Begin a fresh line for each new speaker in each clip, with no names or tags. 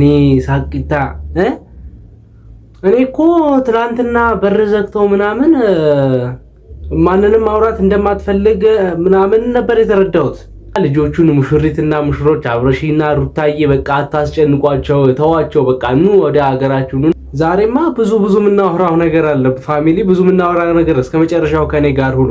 እኔ ሳቂታ እኔ እኮ ትናንትና በር ዘግተው ምናምን ማንንም ማውራት እንደማትፈልግ ምናምን ነበር የተረዳሁት። ልጆቹን ሙሽሪትና ሙሽሮች አብረሺና ሩታዬ በቃ አታስጨንቋቸው፣ ተዋቸው፣ በቃ ኑ ወደ ሀገራችሁ ዛሬማ ብዙ ብዙ የምናወራው ነገር አለ። ፋሚሊ ብዙ የምናወራ ነገር እስከ መጨረሻው ከኔ ጋር ሁሉ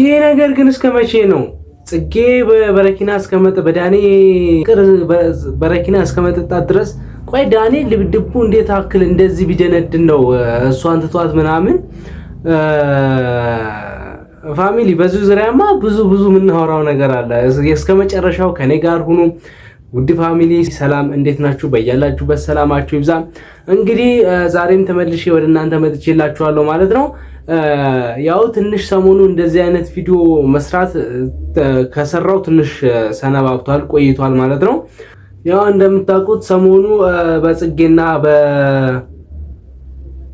ይሄ ነገር ግን እስከ መቼ ነው? ጽጌ በረኪና እስከመጠ በዳኔ ቅር በረኪና እስከመጠጣት ድረስ ቆይ ዳኔ ልብድቡ እንዴት አክል እንደዚህ ቢደነድን ነው እሷን ትቷት ምናምን ፋሚሊ በዚህ ዙሪያማ ብዙ ብዙ የምናወራው ነገር አለ። እስከ መጨረሻው ከኔ ጋር ሁኑ። ውድ ፋሚሊ ሰላም እንዴት ናችሁ? በያላችሁበት ሰላማችሁ ይብዛ። እንግዲህ ዛሬም ተመልሼ ወደ እናንተ መጥቼላችኋለሁ ማለት ነው። ያው ትንሽ ሰሞኑ እንደዚህ አይነት ቪዲዮ መስራት ከሰራው ትንሽ ሰነባብቷል ቆይቷል ማለት ነው። ያው እንደምታውቁት ሰሞኑ በጽጌና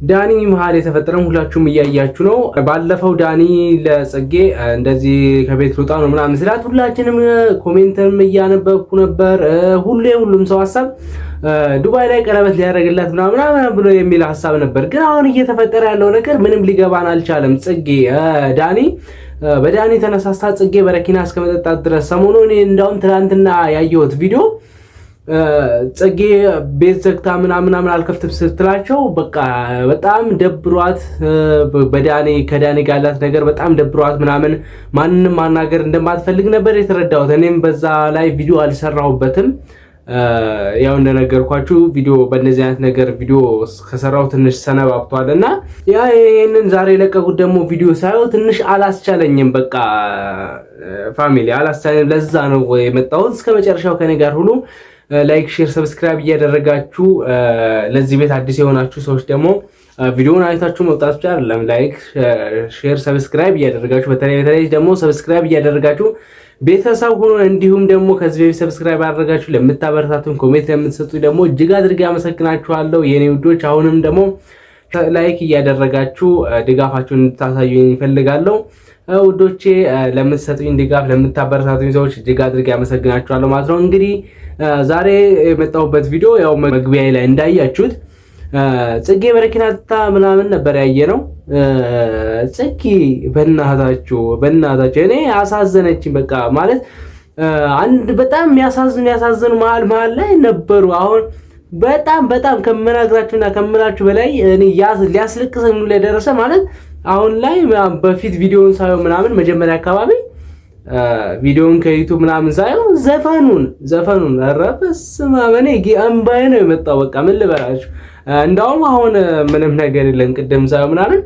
ዳኒ መሀል የተፈጠረም ሁላችሁም እያያችሁ ነው። ባለፈው ዳኒ ለጽጌ እንደዚህ ከቤት ልውጣ ነው ምናምን ስላት ሁላችንም ኮሜንትም እያነበብኩ ነበር። ሁሌ ሁሉም ሰው ሀሳብ ዱባይ ላይ ቀለበት ሊያደርግላት ምናምን ብሎ የሚል ሀሳብ ነበር። ግን አሁን እየተፈጠረ ያለው ነገር ምንም ሊገባን አልቻለም። ጽጌ ዳኒ በዳኒ ተነሳስታ ጽጌ በረኪና እስከመጠጣት ድረስ ሰሞኑን እንዳውም ትናንትና ያየሁት ቪዲዮ ጽጌ ቤት ዘግታ ምናምናምን አልከፍትም ስትላቸው በቃ በጣም ደብሯት በዳኔ ከዳኔ ጋር ያላት ነገር በጣም ደብሯት ምናምን ማንንም ማናገር እንደማትፈልግ ነበር የተረዳሁት። እኔም በዛ ላይ ቪዲዮ አልሰራሁበትም። ያው እንደነገርኳችሁ ቪዲዮ በእነዚህ አይነት ነገር ቪዲዮ ከሰራው ትንሽ ሰነባብቷል እና ያ ይህንን ዛሬ የለቀቁት ደግሞ ቪዲዮ ሳየው ትንሽ አላስቻለኝም። በቃ ፋሚሊ አላስቻለኝም። ለዛ ነው የመጣሁት። እስከ መጨረሻው ከኔ ጋር ሁሉ ላይክ፣ ሼር፣ ሰብስክራይብ እያደረጋችሁ ለዚህ ቤት አዲስ የሆናችሁ ሰዎች ደግሞ ቪዲዮውን አይታችሁ መውጣት ብቻ አይደለም፣ ላይክ ሼር ሰብስክራይብ እያደረጋችሁ በተለይ በተለይ ደግሞ ሰብስክራይብ እያደረጋችሁ ቤተሰብ ሆኖ እንዲሁም ደግሞ ከዚህ በፊት ሰብስክራይብ አደረጋችሁ ለምታበረታቱን ኮሜንት ለምትሰጡ ደግሞ እጅግ አድርጌ አመሰግናችኋለሁ የኔ ውዶች። አሁንም ደግሞ ላይክ እያደረጋችሁ ድጋፋችሁን እንድታሳዩ ይፈልጋለሁ። ውዶቼ ለምትሰጡኝ ድጋፍ ለምታበረታቱኝ ሰዎች እጅግ አድርጌ ያመሰግናችኋለሁ ማለት ነው። እንግዲህ ዛሬ የመጣሁበት ቪዲዮ ያው መግቢያ ላይ እንዳያችሁት ጽጌ በረኪናታ ምናምን ነበር ያየ ነው። ጽጌ በእናታችሁ በእናታችሁ እኔ አሳዘነችኝ። በቃ ማለት አንድ በጣም የሚያሳዝኑ የሚያሳዝኑ መሀል መሀል ላይ ነበሩ። አሁን በጣም በጣም ከምናግራችሁና ከምላችሁ በላይ እኔ ሊያስለቅሰኝ ላይ ደረሰ ማለት አሁን ላይ በፊት ቪዲዮን ሳየው ምናምን መጀመሪያ አካባቢ ቪዲዮን ከዩቱብ ምናምን ሳየው ዘፈኑን ዘፈኑን ኧረ በስመ አብ እኔ እምባዬ ነው የመጣው። በቃ ምን ልበላችሁ። እንዳውም አሁን ምንም ነገር የለም። ቅድም ሳየው ምናምን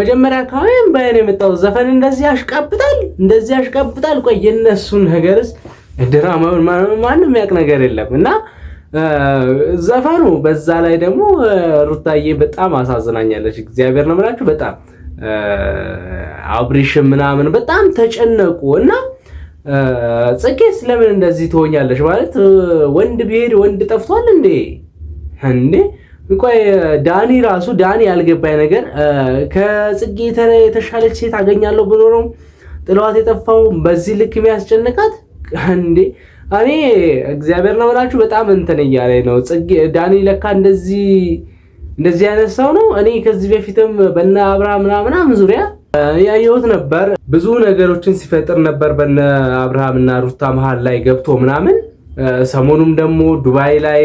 መጀመሪያ አካባቢ እምባዬ ነው የመጣው። ዘፈን እንደዚህ ያሽቀብጣል፣ እንደዚህ ያሽቀብጣል። ቆይ የእነሱን ነገርስ ድራማውን ማንም ያውቅ ነገር የለም እና ዘፈኑ በዛ ላይ ደግሞ ሩታዬ በጣም አሳዝናኛለች። እግዚአብሔር ነው ምላችሁ። በጣም አብሪሽ ምናምን በጣም ተጨነቁ እና ጽጌስ ስለምን እንደዚህ ትሆኛለች? ማለት ወንድ ቢሄድ ወንድ ጠፍቷል እንዴ? እንዴ ቆይ ዳኒ ራሱ ዳኒ ያልገባኝ ነገር ከጽጌ የተሻለች ሴት አገኛለሁ ብሎ ነው ጥለዋት የጠፋው በዚህ ልክ የሚያስጨንቃት እንዴ? እኔ እግዚአብሔር ነው ብላችሁ በጣም እንትን እያለ ነው ዳኒ ለካ እንደዚህ እንደዚህ አይነት ሰው ነው። እኔ ከዚህ በፊትም በነ አብርሃም ምናምን ዙሪያ ያየሁት ነበር። ብዙ ነገሮችን ሲፈጥር ነበር በነ አብርሃም እና ሩታ መሀል ላይ ገብቶ ምናምን። ሰሞኑም ደግሞ ዱባይ ላይ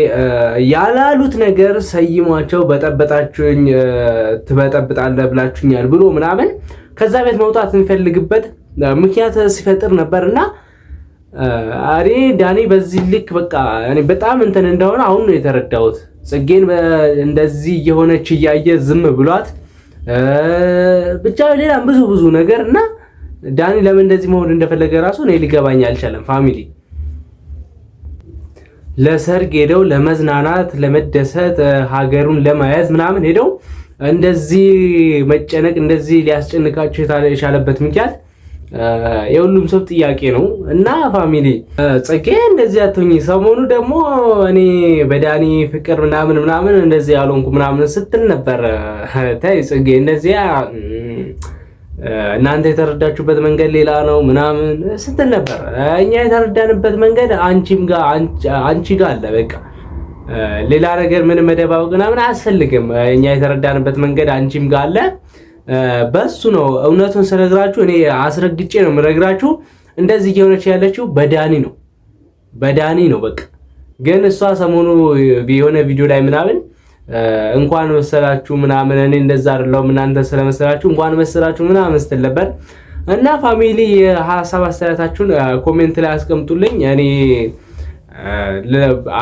ያላሉት ነገር ሰይሟቸው በጠበጣችሁኝ ትበጠብጣለ ብላችሁኛል ብሎ ምናምን ከዛ ቤት መውጣት የሚፈልግበት ምክንያት ሲፈጥር ነበር እና እኔ ዳኒ በዚህ ልክ በቃ እኔ በጣም እንትን እንደሆነ አሁን ነው የተረዳሁት። ጽጌን እንደዚህ እየሆነች እያየ ዝም ብሏት ብቻ ሌላም ብዙ ብዙ ነገር እና ዳኒ ለምን እንደዚህ መሆን እንደፈለገ ራሱ እኔ ሊገባኝ አልቻለም። ፋሚሊ ለሰርግ ሄደው ለመዝናናት፣ ለመደሰት፣ ሀገሩን ለማየት ምናምን ሄደው እንደዚህ መጨነቅ እንደዚህ ሊያስጨንቃቸው የቻለበት ምክንያት የሁሉም ሰው ጥያቄ ነው እና ፋሚሊ ጽጌ እንደዚህ አቶኝ ሰሞኑ ደግሞ እኔ በዳኒ ፍቅር ምናምን ምናምን እንደዚህ ያልሆንኩ ምናምን ስትል ነበር። ተይ ጽጌ እንደዚያ እናንተ የተረዳችሁበት መንገድ ሌላ ነው ምናምን ስትል ነበር። እኛ የተረዳንበት መንገድ አንቺም ጋር አንቺ ጋር አለ። በቃ ሌላ ነገር ምንም መደባበቅ ምናምን አያስፈልግም። እኛ የተረዳንበት መንገድ አንቺም ጋር አለ በሱ ነው እውነቱን ስነግራችሁ፣ እኔ አስረግጬ ነው የምነግራችሁ። እንደዚህ እየሆነች ያለችው በዳኒ ነው በዳኒ ነው በቃ። ግን እሷ ሰሞኑ የሆነ ቪዲዮ ላይ ምናምን እንኳን መሰላችሁ ምናምን እኔ እንደዛ አይደለሁም እናንተ ስለመሰላችሁ እንኳን መሰላችሁ ምናምን ስትል ነበር። እና ፋሚሊ የሀሳብ አስተያየታችሁን ኮሜንት ላይ አስቀምጡልኝ እኔ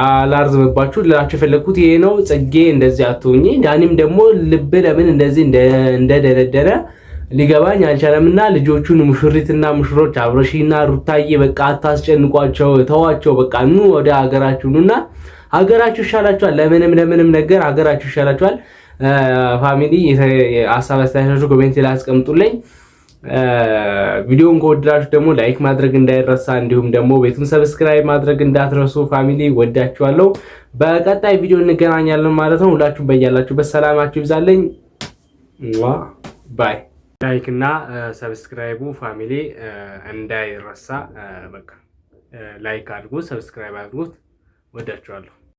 አላርዝምባችሁ ልላችሁ የፈለግኩት ይሄ ነው። ጽጌ እንደዚህ አትሆኚ፣ ዳኒም ደግሞ ልብ ለምን እንደዚህ እንደደረደረ ሊገባኝ አልቻለም። ና ልጆቹን ሙሽሪትና ሙሽሮች አብረሽና ሩታዬ በቃ አታስጨንቋቸው፣ ተዋቸው። በቃ ኑ ወደ ሀገራችሁ ኑና ሀገራችሁ ይሻላችኋል። ለምንም ለምንም ነገር ሀገራችሁ ይሻላችኋል። ፋሚሊ ሀሳብ አስተያየታችሁ ኮሜንት ላይ አስቀምጡልኝ። ቪዲዮን ከወደዳችሁ ደግሞ ላይክ ማድረግ እንዳይረሳ፣ እንዲሁም ደግሞ ቤቱን ሰብስክራይብ ማድረግ እንዳትረሱ። ፋሚሊ ወዳችኋለሁ። በቀጣይ ቪዲዮ እንገናኛለን ማለት ነው። ሁላችሁም በያላችሁበት ሰላማችሁ ይብዛለኝ። ባይ። ላይክ እና ሰብስክራይቡ ፋሚሊ እንዳይረሳ። በቃ ላይክ አድርጉ፣ ሰብስክራይብ አድርጉት። ወዳችኋለሁ።